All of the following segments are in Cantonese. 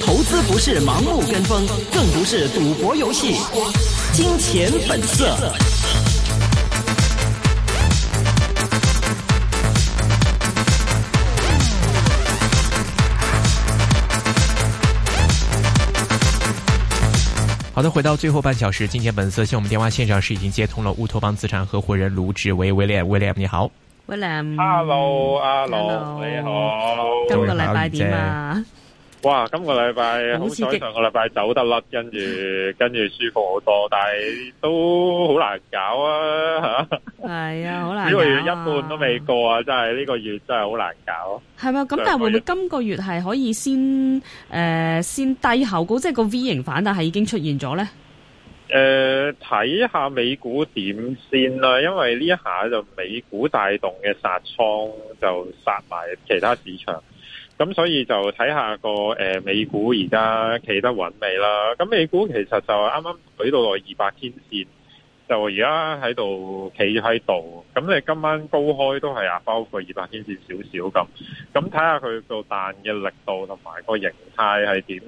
投資不是盲目跟風，更不是賭博遊戲。金錢本色。好的，回到最後半小時，金錢本色，現在我們電話線上是已經接通了烏托邦資產合伙人盧志威威廉威廉，William. William, 你好。William，哈嘍，阿盧你好，今個禮拜點啊？哇，今個禮拜好彩，上個禮拜走得甩，跟住跟住舒服好多，但係都好難搞啊，係嘛？係啊，好難，呢個月一半都未過啊，真係呢個月真係好難搞。係嘛？咁但係會唔會今個月係可以先誒先低後高，即係個 V 型反彈係已經出現咗咧？誒、呃，睇下美股點先啦，因為呢一下就美股帶動嘅殺倉就殺埋其他市場，咁所以就睇下個誒、呃、美股而家企得穩未啦。咁美股其實就啱啱舉到落二百天線。就而家喺度企喺度，咁你今晚高開都係啊，包括二百天線少少咁，咁睇下佢個彈嘅力度同埋個形態係點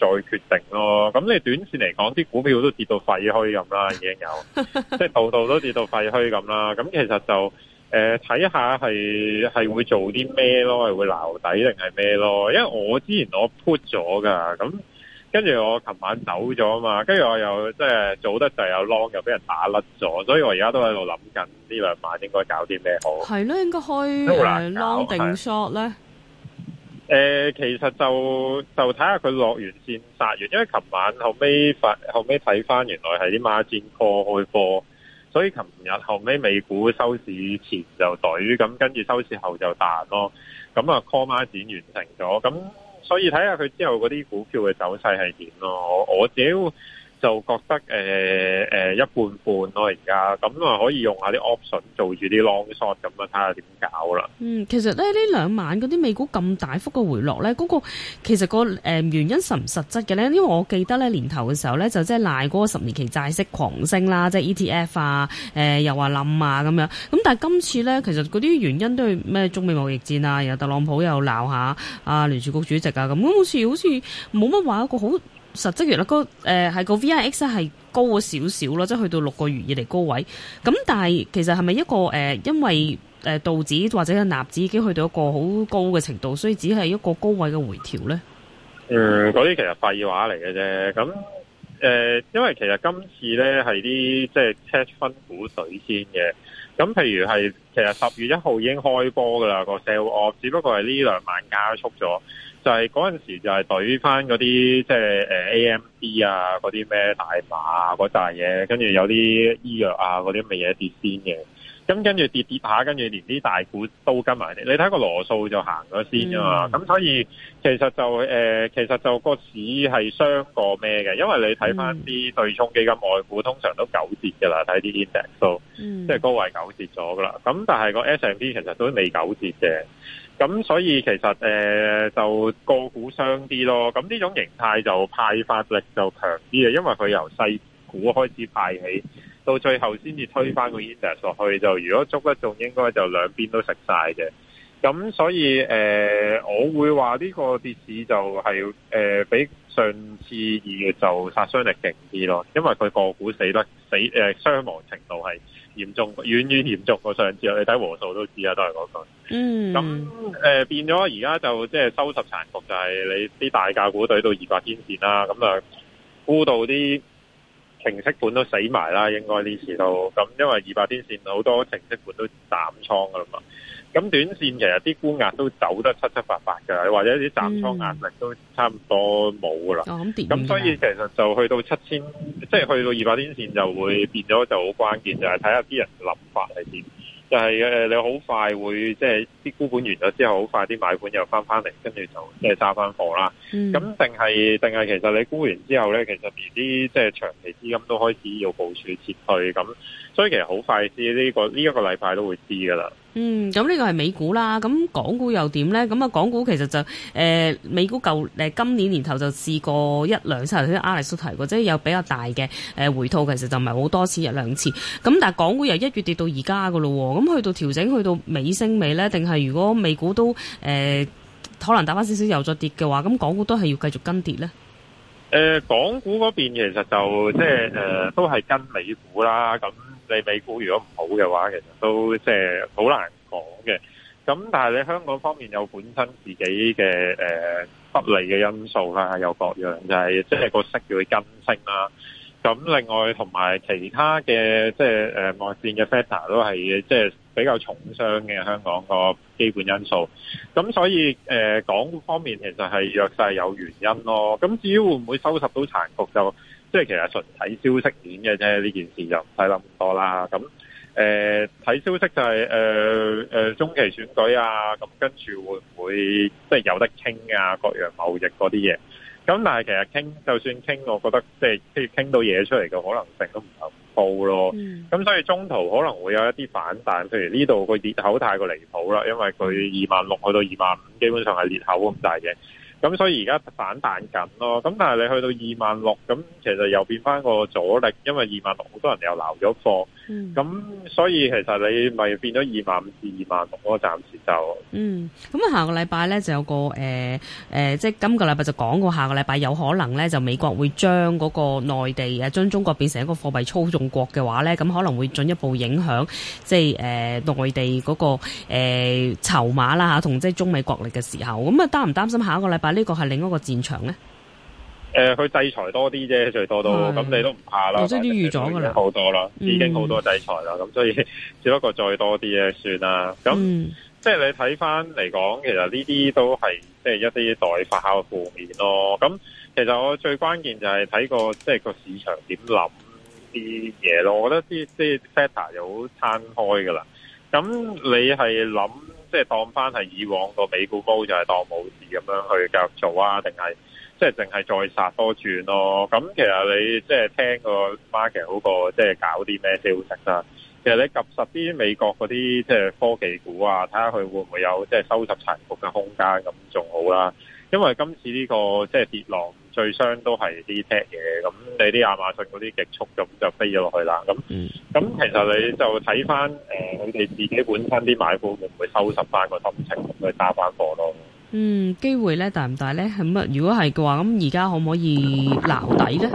再決定咯。咁你短線嚟講，啲股票都跌到廢墟咁啦，已經有，即、就、係、是、度度都跌到廢墟咁啦。咁其實就誒睇、呃、下係係會做啲咩咯，係會撈底定係咩咯？因為我之前我 put 咗㗎，咁。跟住我琴晚走咗啊嘛，跟住我又即係做得就有 long 又俾人打甩咗，所以我而家都喺度諗緊呢兩晚應該搞啲咩好？係咯，應該開浪、uh, long 定 short 咧？誒、呃，其實就就睇下佢落完線殺完，因為琴晚後尾發後尾睇翻，原來係啲孖展破開波，所以琴日後尾美股收市前就懟咁，跟住收市後就彈咯。咁啊，call 孖展完成咗咁。所以睇下佢之後嗰啲股票嘅走勢係點咯，我我屌。就覺得誒誒、呃呃、一半半咯、啊，而家咁啊可以用下啲 option 做住啲 long shot 咁啊，睇下點搞啦。嗯，其實咧呢兩晚嗰啲美股咁大幅嘅回落咧，嗰、嗰個其實、嗰個誒、呃、原因實唔實質嘅咧，因為我記得咧年頭嘅時候咧，就即係賴嗰十年期債息狂升啦，即係 ETF 啊，誒、呃、又話冧啊咁樣。咁但係今次咧，其實嗰啲原因都係咩中美貿易戰啊，又特朗普又鬧下啊，啊聯儲局主席啊咁，咁好似好似冇乜話一個好。實質月啦，嗰誒係個 VIX 咧係高咗少少咯，即係去到六個月以嚟高位。咁但係其實係咪一個誒、呃，因為誒道指或者係納指已經去到一個好高嘅程度，所以只係一個高位嘅回調咧？嗯，嗰啲其實是廢話嚟嘅啫。咁誒、呃，因為其實今次咧係啲即係拆分股水先嘅。咁譬如係其實十月一號已經開波㗎喇個 sell off，只不過係呢兩晚加速咗。那就係嗰陣時，就係懟翻嗰啲即係誒 AMD 啊，嗰啲咩大麻啊嗰扎嘢，跟住有啲醫藥啊嗰啲乜嘢跌先嘅。咁跟住跌跌下，跟住連啲大股都跟埋嚟。你睇個羅素就行咗先啫嘛。咁、嗯、所以其實就、呃、其實就個市係傷過咩嘅？因為你睇翻啲對沖基金外股，通常都九折㗎啦。睇啲 index 都、so, 嗯，即係高位九折咗噶啦。咁但係個 S&P 其實都未九折嘅。咁所以其實、呃、就個股傷啲咯。咁呢種形態就派發力就強啲啊，因為佢由細股開始派起。到最後先至推翻個 index 落去，就如果捉得中，應該就兩邊都食曬嘅。咁所以誒、呃，我會話呢個跌市就係、是、誒、呃、比上次二月就殺傷力勁啲咯，因為佢個股死得死誒、呃、傷亡程度係嚴重，遠遠嚴重過上次。你睇和數都知啊，都係嗰句。嗯。咁、呃、變咗而家就即係、就是、收拾殘局，就係、是、你啲大價股跌到二百天線啦，咁啊估到啲。程式盤都死埋啦，應該呢時都咁，因為二百天線好多程式盤都斬倉噶啦嘛。咁短線其實啲沽壓都走得七七八八噶，或者啲斬倉壓力都差唔多冇噶啦。咁、嗯、所以其實就去到七千、嗯，即、就、係、是、去到二百天線就會變咗就好關鍵，就係睇下啲人諗法係點。就係、是、誒你好快會即係啲沽盤完咗之後，好快啲買盤又翻翻嚟，跟住就即係揸翻貨啦。咁定係，定係其實你沽完之後呢，其實連啲即係長期資金都開始要部署撤退咁。所以其實好快，呢、這、呢個呢一、這個禮拜都會知噶啦。嗯，咁呢個係美股啦，咁港股又點呢？咁啊，港股其實就誒、呃，美股就誒，今年年頭就試過一兩次，好似阿里蘇提過，即係有比較大嘅誒、呃、回吐，其實就唔係好多次一兩次。咁但係港股由一月跌到而家噶咯，咁去到調整，去到尾升尾呢，定係如果美股都誒、呃、可能打翻少少，又再跌嘅話，咁港股都係要繼續跟跌呢？誒、呃，港股嗰邊其實就即係誒、呃，都係跟美股啦，咁、嗯。你美股如果唔好嘅話，其實都即係好難講嘅。咁但係你香港方面有本身自己嘅、呃、不利嘅因素啦，又、啊、各樣就係即係個息要跟升啦。咁、啊、另外同埋其他嘅即係誒外線嘅 factor 都係即係比較重傷嘅香港個基本因素。咁所以、呃、港股方面其實係弱勢有原因咯。咁至於會唔會收拾到殘局就？即係其實純睇消息面嘅啫，呢件事就唔使諗咁多啦。咁睇、呃、消息就係、是呃呃、中期選舉啊，咁跟住會唔會即係有得傾啊？各樣貿易嗰啲嘢。咁但係其實傾就算傾，我覺得即係即係傾到嘢出嚟嘅可能性都唔係咁高咯。咁所以中途可能會有一啲反彈，譬如呢度個裂口太過離譜啦，因為佢二萬六去到二萬五，基本上係裂口咁大嘅。咁所以而家反彈緊咯，咁但係你去到二萬六，咁其實又變返個阻力，因為二萬六好多人又留咗貨。咁所以其實你咪變咗二萬五至二萬六嗰個暫時就嗯，咁啊，下個禮拜呢就有個誒誒、呃、即係今個禮拜就講過，下個禮拜有可能呢就美國會將嗰個內地誒將中國變成一個貨幣操縱國嘅話呢，咁可能會進一步影響即係誒內地嗰、嗰個誒籌碼啦，吓同即係中美國力嘅時候咁，啊，擔唔擔心下一個禮拜呢個係另一個戰場呢？誒、呃，佢制裁多啲啫，最多都咁，嗯、你都唔怕啦、嗯嗯。已經啲預咗噶啦，好多啦，已經好多制裁啦，咁所以只不過再多啲啫，算啦。咁、嗯、即係你睇翻嚟講，其實呢啲都係即係一啲代發嘅負面咯。咁其實我最關鍵就係睇個即係個市場點諗啲嘢咯。我覺得啲即係 factor 又好攤開噶啦。咁你係諗即係當翻係以往個美股高就係當冇事咁樣去繼續做啊？定係？即係淨係再殺多轉，咯咁其實，你即係聽個 market 好過即係搞啲咩消息啦、啊。其實你及實啲美國嗰啲即係科技股啊，睇下佢會唔會有即係收拾殘局嘅空間咁仲好啦、啊。因為今次呢個即係跌浪最傷都係啲 tech 嘢，咁你啲亞馬遜嗰啲極速咁就飛咗落去啦。咁咁其實你就睇翻誒佢哋自己本身啲買盤會唔會收拾翻個心情去打翻貨咯。嗯，機會咧大唔大咧？咁啊，如果係嘅話，咁而家可唔可以撈底咧？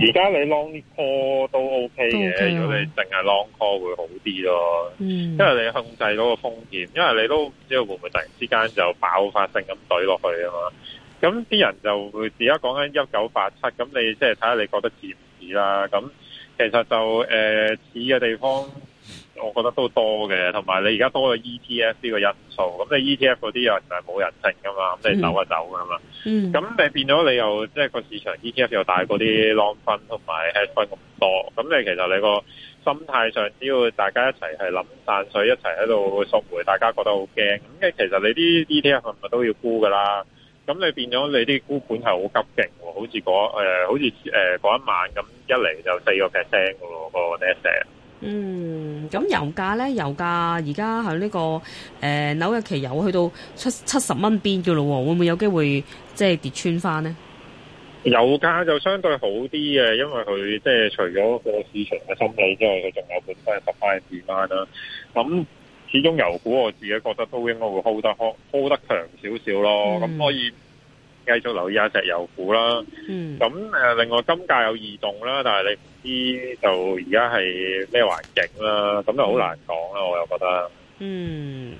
而家你 long call 都 OK 嘅、ok，如果你淨係 long call 會好啲咯、嗯，因為你控制嗰個風險，因為你都唔知道會唔會突然之間就爆發性咁懟落去啊嘛。咁啲人就會而家講緊一九八七，咁你即係睇下你覺得似唔似啦？咁其實就誒、呃、似嘅地方。我覺得都多嘅，同埋你而家多咗 ETF 呢個因素，咁你 ETF 嗰啲又係冇人性噶嘛，咁你走一走噶嘛。咁、嗯、你變咗你又即係個市場 ETF 又大過啲 long fund 同埋 hedge fund 咁多，咁你其實你個心態上，只要大家一齊係諗散水，所以一齊喺度贖回，大家覺得好驚。咁其實你啲 ETF 咪都要沽噶啦。咁你變咗你啲沽盤係好急勁喎，好似嗰、呃、好似嗰一晚咁，一嚟就四個 percent 個個 n e s 嗯，咁油價咧，油價而家喺呢個誒，紐約期油去到七七十蚊邊嘅咯喎，會唔會有機會即係跌穿翻呢？油價就相對好啲嘅，因為佢即係除咗個市場嘅心理之外，佢仲有本身十塊嘅支撐啦。咁始終油股，我自己覺得都應該會 hold 得 h hold 得強少少咯。咁、嗯、可以。繼續留意下石油股啦，咁、嗯、誒、啊，另外金價有移動啦，但係你唔知就而家係咩環境啦，咁、嗯、就好難講啦，我又覺得。嗯，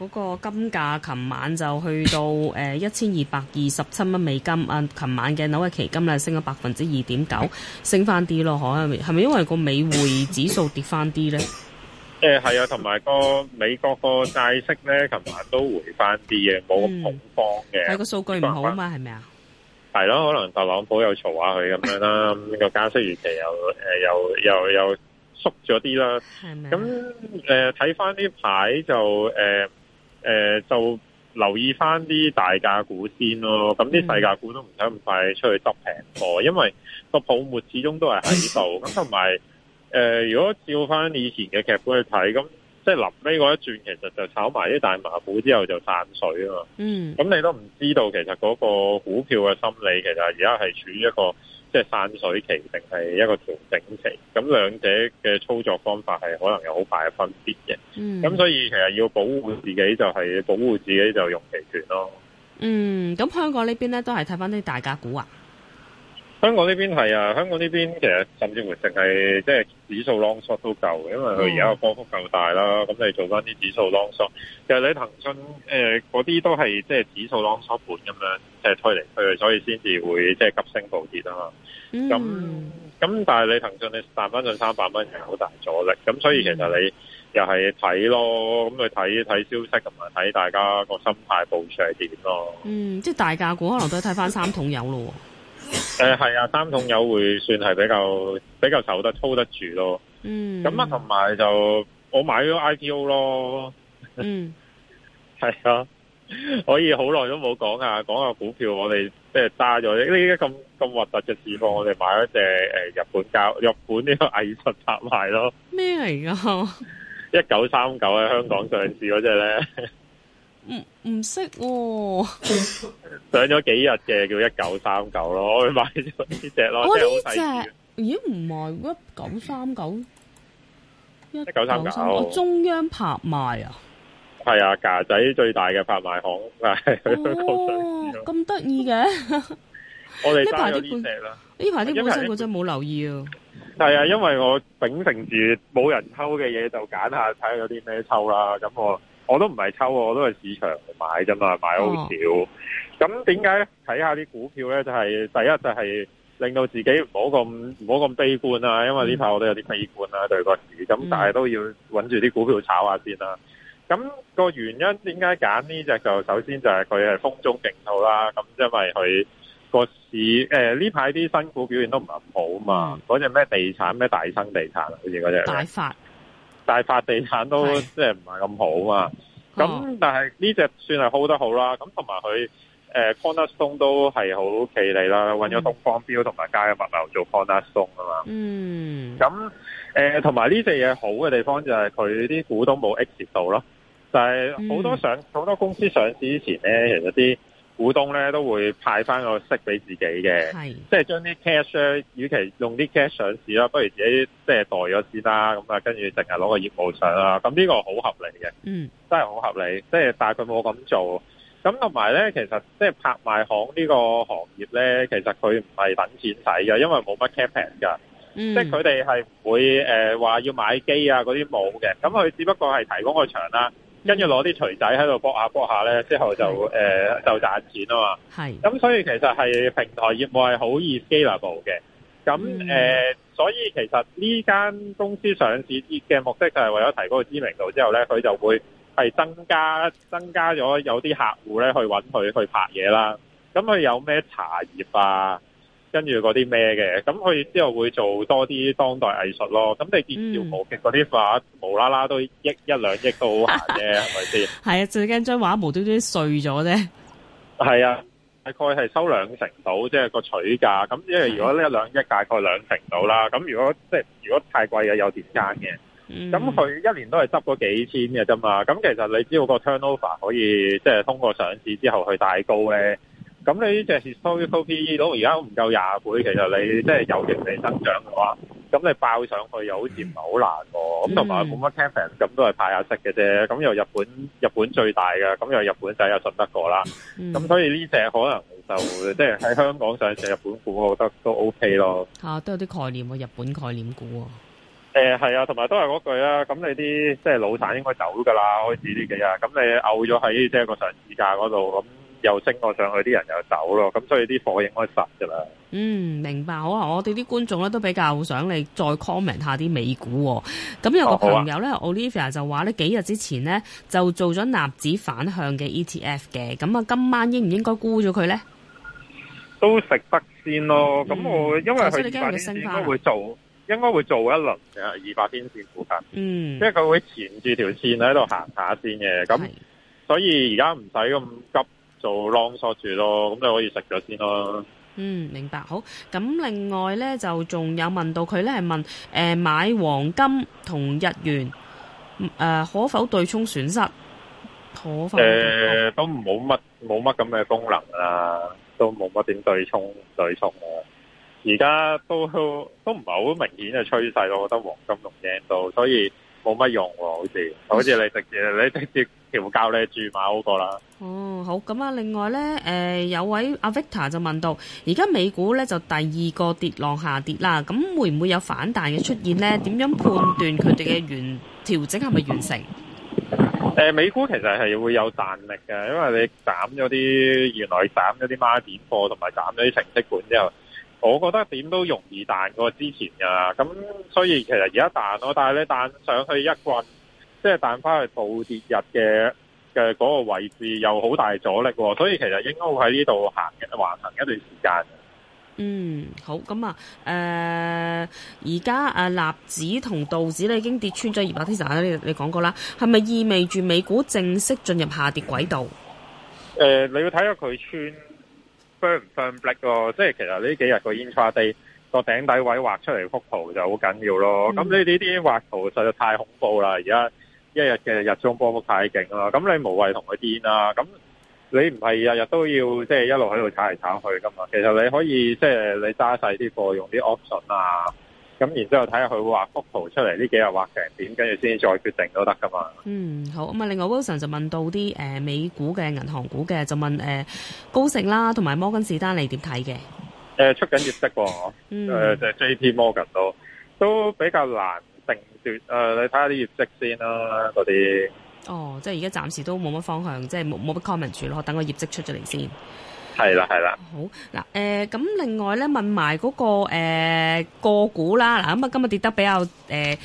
嗰、那個金價琴晚就去到誒一千二百二十七蚊美金 啊，琴晚嘅紐約期金咧升咗百分之二點九，升翻啲咯，可能係咪因為個美匯指數跌翻啲咧？ 誒係啊，同埋個美國個債息咧，琴晚都回翻啲嘢，冇咁恐慌嘅。係個數據唔好啊嘛，係咪啊？係咯，可能特朗普又嘈下佢咁樣啦。 個加息預期又誒、呃、又又又縮咗啲啦。係咪？咁誒睇翻呢排就誒誒、呃呃、就留意翻啲大價股先咯。咁啲細價股都唔使咁快出去執平貨，因為個泡沫始終都係喺度。咁同埋。誒、呃，如果照翻以前嘅劇本去睇，咁即係臨尾嗰一轉，其實就炒埋啲大麻股之後就散水啊嘛。嗯，咁你都唔知道，其實嗰個股票嘅心理，其實而家係處於一個即係、就是、散水期定係一個調整期？咁兩者嘅操作方法係可能有好大嘅分別嘅。嗯，咁所以其實要保護自己就係、是、保護自己就用期權咯。嗯，咁香港邊呢邊咧都係睇翻啲大價股啊。香港呢邊係啊，香港呢邊其實甚至乎淨係即係指數 long short 都夠嘅，因為佢而家個波幅夠大啦，咁、oh. 你做翻啲指數 long short 其實你騰訊誒嗰啲都係即係指數 long short 盤，咁樣即係推嚟推去，所以先至會即係急升暴跌啊嘛。咁、mm. 咁但係你騰訊你彈翻上三百蚊係好大阻力，咁所以其實你又係睇咯，咁去睇睇消息同埋睇大家個心態部署係點咯。嗯、mm.，即係大價股可能都係睇翻三桶油咯。誒、呃、係啊，三桶油會算係比較比較受得操得住咯。嗯。咁啊，同埋就我買咗 IPO 咯。嗯。係 啊，可以好耐都冇講啊，講下股票我哋即係揸咗呢啲咁咁核突嘅市況，我哋買咗隻誒日本教日本呢個藝術拍賣咯。咩嚟噶？一九三九喺香港上市嗰隻咧？唔唔識。 上咗幾日嘅叫一九三九咯，我買咗呢隻咯，隻好細我呢隻？咦，唔係一九三九一九三九，中央拍賣啊！係啊，架仔最大嘅拍賣行啊，佢都好犀利。哦，咁得意嘅！ 我哋得咗呢隻啦。呢排啲古董我真冇留意啊！係啊，因為我秉承住冇人抽嘅嘢就揀下睇下有啲咩抽啦。咁我我都唔係抽，我都係市場買啫嘛，買好少。啊咁點解咧？睇下啲股票咧，就係、是、第一就係令到自己唔好咁唔好咁悲觀啊因為呢排我都有啲悲觀啦、啊、對個市，咁、嗯、但係都要揾住啲股票炒下先啦、啊。咁、那個原因點解揀呢隻？就首先就係佢係風中勁草啦。咁因為佢個市誒，呢排啲新股表現都唔係咁好嘛。嗰隻咩地產咩大生地產好似嗰隻大發，大發地產都即係唔係咁好嘛。咁但係呢隻算係 hold 得好啦。咁同埋佢。誒 Cornerstone 都係好企利啦，揾咗東方標同埋加日物流做 Cornerstone 嘛。嗯。咁、嗯、誒，同埋呢隻嘢好嘅地方就係佢啲股東冇 exit 到咯。就係、是、好多上好、嗯、多公司上市之前咧，其實啲股東咧都會派翻個息俾自己嘅。即係將啲 cash 呢，與與其用啲 cash 上市啦，不如自己即係袋咗先啦。咁啊，跟住淨係攞個業務上啦。咁、嗯、呢個好合理嘅。嗯。真係好合理，即係但係佢冇咁做。咁同埋咧，其實即係拍賣行呢個行業咧，其實佢唔係等錢使嘅，因為冇乜 capex 㗎，即係佢哋係唔會話、呃、要買機啊嗰啲冇嘅，咁佢只不過係提供個場啦，跟住攞啲錘仔喺度搏下搏下咧，之後就、呃、就賺錢啊嘛。咁、嗯、所以其實係平台業務係好易 scalable 嘅。咁、嗯呃、所以其實呢間公司上市嘅目的就係為咗提高個知名度，之後咧佢就會。係增加增加咗有啲客戶咧去揾佢去拍嘢啦，咁佢有咩茶葉啊，跟住嗰啲咩嘅，咁佢之後會做多啲當代藝術咯，咁你見到毛嘅嗰啲畫無啦啦都一一兩億都好閒嘅，係咪先？係 啊，最驚將畫無端端碎咗啫。係 啊，大概係收兩成到，即係個取價。咁因為如果呢一兩億，大概兩成到啦。咁如果即係如果太貴嘅，有點間嘅。 咁、嗯、佢一年都係執咗幾千嘅啫嘛，咁其實你知道個 turnover 可以即係通過上市之後去大高咧，咁你呢隻 s o r s c o P E 都而家唔夠廿倍，其實你即係有盈利增長嘅話，咁你爆上去又好似唔係好難喎。咁同埋冇乜 capex 咁都係派下息嘅啫。咁又日本日本最大嘅，咁又日本仔又信得過啦。咁、嗯、所以呢隻可能就即係喺香港上市日本股，我覺得都 O、OK、K 咯。嚇、啊，都有啲概念喎，日本概念股。誒，係啊，同埋都係嗰句啊！咁你啲即係老散應該走噶啦，開始呢幾日，咁你漚咗喺即係個上市價嗰度，咁又升過上去，啲人又走咯，咁所以啲貨應該實噶啦。嗯，明白。好啊，我哋啲觀眾咧都比較想你再 comment 下啲美股、哦。咁有個朋友咧，Olivia 就話呢幾日之前呢，就做咗納指反向嘅 ETF 嘅，咁啊，今晚應唔應該沽咗佢咧？都食得先咯。咁我、嗯、因為佢反面應該會做應該會做一輪嘅二百天線附近，嗯，即係佢會纏住條線喺度行下先嘅，咁所以而家唔使咁急做 long short 住咯，咁就可以食咗先咯。嗯，明白。好，咁另外咧就仲有問到佢咧係問，誒、呃、買黃金同日元誒、呃、可否對沖損失？可否誒、呃、都冇乜冇乜咁嘅功能啦，都冇乜點對沖對沖嘅。而家都都唔係好明顯嘅趨勢咯，我覺得黃金同嘅到，所以冇乜用好似，好似你直接你直接調教你注碼嗰個啦。哦，好咁啊！另外咧，誒、呃、有位阿 Vita 就問到，而家美股咧就第二個跌浪下跌啦，咁會唔會有反彈嘅出現咧？點樣判斷佢哋嘅原調整係咪完成？誒、呃，美股其實係會有彈力嘅，因為你斬咗啲原來斬咗啲孖展貨，同埋斬咗啲程式盤之後。我覺得點都容易彈過之前噶，咁所以其實而家彈咯，但係你彈上去一棍，即係彈翻去暴跌日嘅嘅嗰個位置，又好大阻力，所以其實應該會喺呢度行橫行一段時間。嗯，好，咁啊，誒、呃，而家誒納指同道指咧已經跌穿咗二百 t 你講過啦，係咪意味住美股正式進入下跌軌道？誒、呃，你要睇下佢穿。分唔分 black 個，即係其實呢幾日個 intraday 個頂底位畫出嚟幅圖就好緊要咯。咁你呢啲畫圖實在太恐怖啦！而家一日嘅日中波幅太勁啦。咁你無謂同佢癲啦、啊。咁你唔係日日都要即係一路喺度炒嚟炒去噶嘛？其實你可以即係你揸晒啲貨，用啲 option 啊。咁然之後睇下佢畫幅圖出嚟，呢幾日畫成點，跟住先再決定都得噶嘛。嗯，好。咁啊，另外 Wilson 就問到啲誒、呃、美股嘅銀行股嘅，就問誒、呃、高盛啦，同埋摩根士丹利點睇嘅？誒、呃，出緊業績喎、啊。誒、 呃，就係 J P Morgan 都，都比較難定奪。誒、呃，你睇下啲業績先啦、啊，嗰啲。哦，即係而家暫時都冇乜方向，即係冇冇乜 comment 住咯，等個業績出咗嚟先。係啦，係啦。好嗱，誒、呃，咁另外咧，問埋嗰、個誒、呃、個股啦。嗱，咁啊，今日跌得比較誒、呃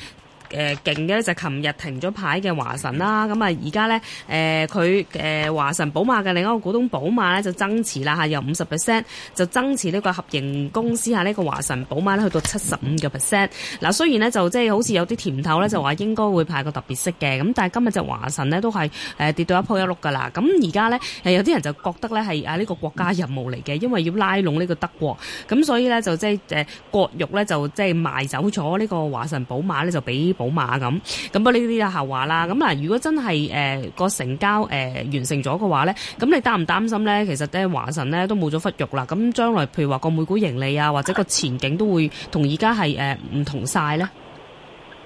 誒勁嘅咧就琴日停咗牌嘅華晨啦，咁啊而家呢，誒佢誒華晨寶馬嘅另一個股東寶馬呢，就增持啦嚇，由五十 percent 就增持呢個合營公司下呢個華晨寶馬呢，去到七十五個 percent。嗱雖然呢，就即係好似有啲甜頭呢，就話應該會派個特別息嘅，咁但係今日就華晨呢，都係誒跌到一鋪一碌㗎啦。咁而家呢，誒有啲人就覺得呢係啊呢個國家任務嚟嘅，因為要拉攏呢個德國，咁所以呢，就即係誒國欲呢，就即係賣走咗呢個華晨寶馬呢，就俾。好馬咁，咁不呢啲就下話啦。咁嗱，如果真係誒個成交誒完成咗嘅話咧，咁你擔唔擔心咧？其實咧華晨咧都冇咗忽肉啦。咁將來譬如話個每股盈利啊，或者個前景都會、呃、同而家係誒唔同晒咧。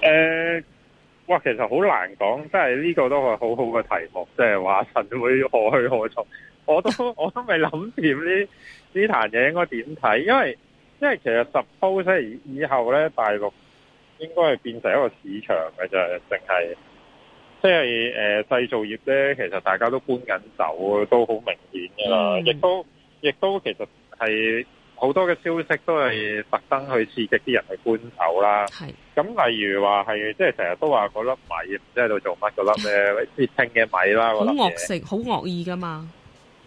誒、呃，哇，其實好難講，即係呢個都係好好嘅題目，即係華晨會何去何從？我都我都未諗掂呢呢壇嘢應該點睇，因為因為其實十鋪即係以後咧大陸。應該係變成一個市場嘅就係、是，淨係即係誒製造業咧，其實大家都搬緊走，都好明顯噶啦。亦、嗯、都亦都其實係好多嘅消息都係特登去刺激啲人去搬走啦。咁例如話係即係成日都話嗰粒米唔知喺度做乜嗰粒咧跌停嘅米啦，好惡食，好惡意噶嘛？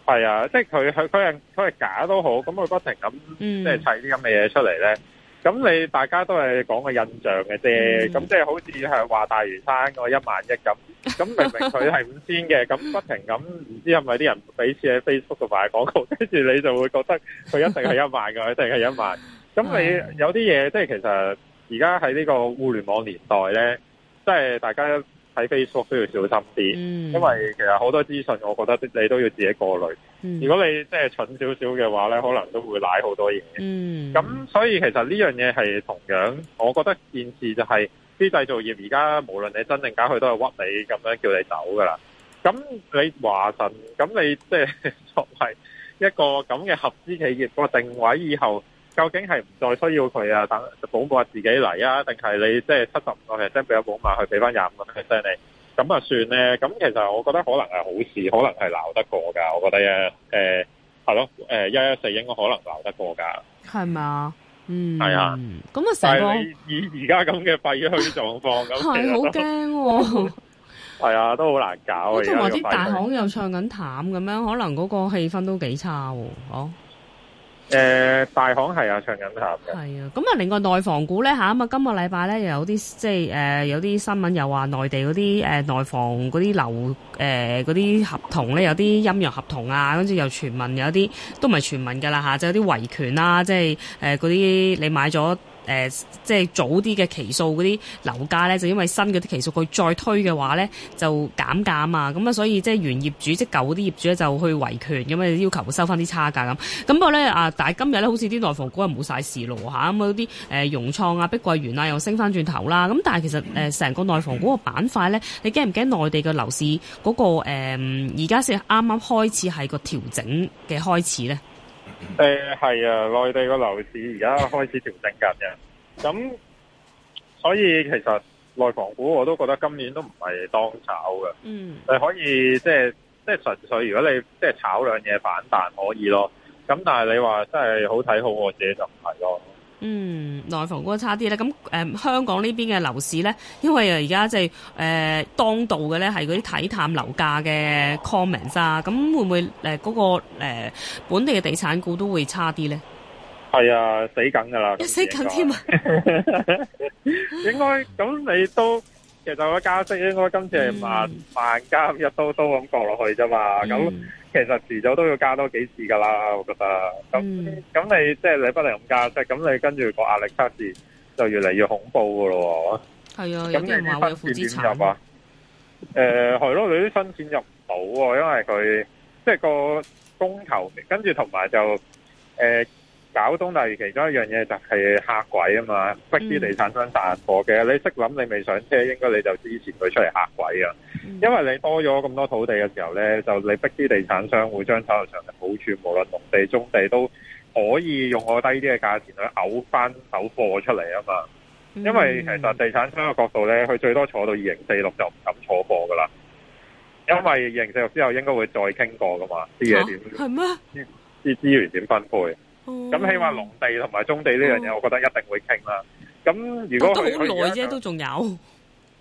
係啊，即係佢佢佢係佢係假都好，咁佢不停咁即係砌啲咁嘅嘢出嚟咧。咁你大家都係講個印象嘅啫，咁即係好似係話大嶼山嗰一萬億咁，咁明明佢係五千嘅，咁 不停咁唔知係咪啲人俾錢喺 Facebook 度買廣告，跟住你就會覺得佢一定係一萬噶，佢一定係一萬。咁你有啲嘢、mm-hmm. 即係其實而家喺呢個互聯網年代咧，即係大家。睇 Facebook 都要小心啲，嗯，因為其實好多資訊，我覺得你都要自己過濾，嗯。如果你即係蠢少少嘅話咧，可能都會瀨好多嘢。咁、嗯、所以其實呢樣嘢係同樣，我覺得件事就係啲製造業而家無論你真定假佢，都係屈你咁樣叫你走噶啦。咁你華晨，咁你即、就、係、是、作為一個咁嘅合資企業，個定位以後。究竟係唔再需要佢啊？等保戶自己嚟啊？定係你即係七十五個 percent 俾咗保戶去俾翻廿五個 percent 你？咁啊算咧？咁其實我覺得可能係好事，可能係鬧得過噶。我覺得啊，誒係咯，誒一一四應該可能鬧得過噶。係咪？嗯。係啊。咁、嗯、啊，成個以而家咁嘅廢墟狀況，係好驚。係、 哦、 啊，都好難搞。即係話啲大行又唱緊淡咁樣，可能嗰個氣氛都幾差哦。呃、大行係有長引客嘅，啊，咁啊，另外內房股咧嚇，咁啊，今個禮拜咧又有啲即係、呃、有啲新聞又話內地嗰啲、呃、內房嗰啲樓誒嗰啲合同咧有啲陰陽合同啊，跟住又傳聞有啲都唔係傳聞㗎啦嚇，就有啲維權啦、啊，即係誒嗰啲你買咗。誒、呃，即係早啲嘅期數嗰啲樓價咧，就因為新嗰啲期數佢再推嘅話咧，就減價嘛，咁啊，所以即係原業主即係舊嗰啲業主咧，就去維權咁啊，要求收翻啲差價咁。咁不過咧啊，但係今日咧，好似啲內房股又冇晒事咯吓，咁啊啲誒融創啊、碧桂園啊又升翻轉頭啦。咁、啊、但係其實誒，成、呃、個內房股個板塊咧，你驚唔驚內地嘅樓市嗰、那個誒，而家先啱啱開始係個調整嘅開始咧？誒，係啊，內地個樓市而家開始調整緊嘅，咁所以其實內房股我都覺得今年都唔係當炒嘅，嗯，你可以即係即係純粹如果你即係炒兩嘢反彈可以咯，咁但係你話真係好睇好我自己就唔係咯。嗯，內房股差啲咧，咁、嗯、香港呢邊嘅樓市咧，因為而家即係誒當道嘅咧係嗰啲睇淡樓價嘅 comments 啊，咁會唔會誒、那、嗰個、呃、本地嘅地產股都會差啲咧？係啊，死緊㗎啦，死緊添啊！ 應該咁你都。其實個加息應該今次係慢慢加一刀刀咁割落去啫嘛，咁、嗯、其實遲早都要加多幾次噶啦，我覺得。咁、嗯、咁你即係、就是、你不嚟，咁加息，咁你跟住個壓力測試就越嚟越恐怖噶咯。係啊，咁啲人話有負資產。誒、呃，係咯，你啲新錢入唔到，因為佢即係個供求，跟住同埋就誒。呃搞東大，其中一樣嘢就係嚇鬼啊嘛！逼啲地產商散貨嘅，你識諗你未上車，應該你就支持佢出嚟嚇鬼啊、嗯！因為你多咗咁多土地嘅時候呢，就你逼啲地產商會將手頭上嘅好處，無論農地、中地都可以用我低啲嘅價錢去嘔翻手貨出嚟啊嘛、嗯！因為其實地產商嘅角度呢，佢最多坐到二零四六就唔敢坐貨噶啦，因為二零四六之後應該會再傾過噶嘛？啲嘢點係咩？啲資源點分配？咁、哦、起碼農地同埋中地呢樣嘢，我覺得一定會傾啦。咁、哦、如果都好耐啫，都仲有。誒、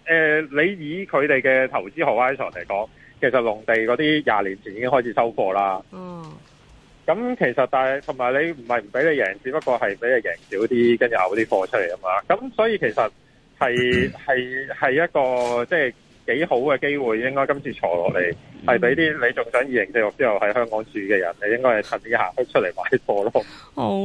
呃，你以佢哋嘅投資豪教授嚟講，其實農地嗰啲廿年前已經開始收貨啦。嗯、哦。咁其實但係同埋你唔係唔俾你贏，只不過係俾你贏少啲，跟住有啲貨出嚟啊嘛。咁所以其實係係係一個即係。幾好嘅機會，應該今次坐落嚟，係俾啲你仲想二零四六之後喺香港住嘅人，你應該係趁啲客出嚟買貨咯。Oh.